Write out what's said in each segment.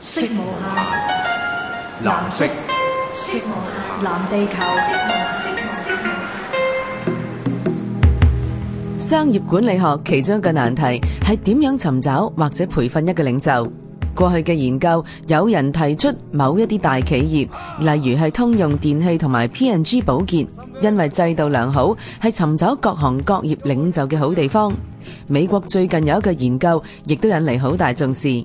色無限，藍色，色無限，藍地球。商業管理學其中一個難題係點樣尋找或者培訓一個領袖？過去嘅研究有人提出某一啲大企業，例如係通用電器同埋 P&G 寶潔，因為制度良好，係尋找各行各業領袖嘅好地方。美國最近有一個研究，亦都引嚟好大重視。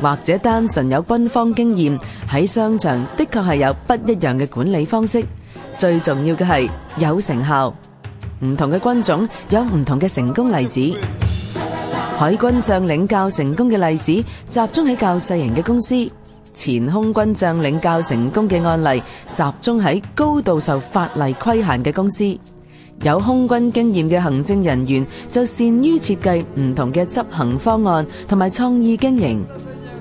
或者單純有軍方經驗，喺商場的確係有不一樣嘅管理方式。最重要嘅係有成效。唔同嘅軍種有唔同嘅成功例子。海軍將領教成功嘅例子集中喺較細型嘅公司。前空軍將領教成功嘅案例集中喺高度受法例規限嘅公司。有空軍經驗嘅行政人員就善於設計唔同嘅執行方案同埋創意經營。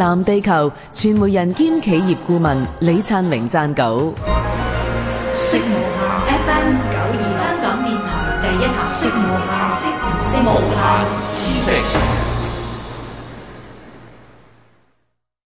藍地球，傳媒人兼企業顧問李燦榮撰稿。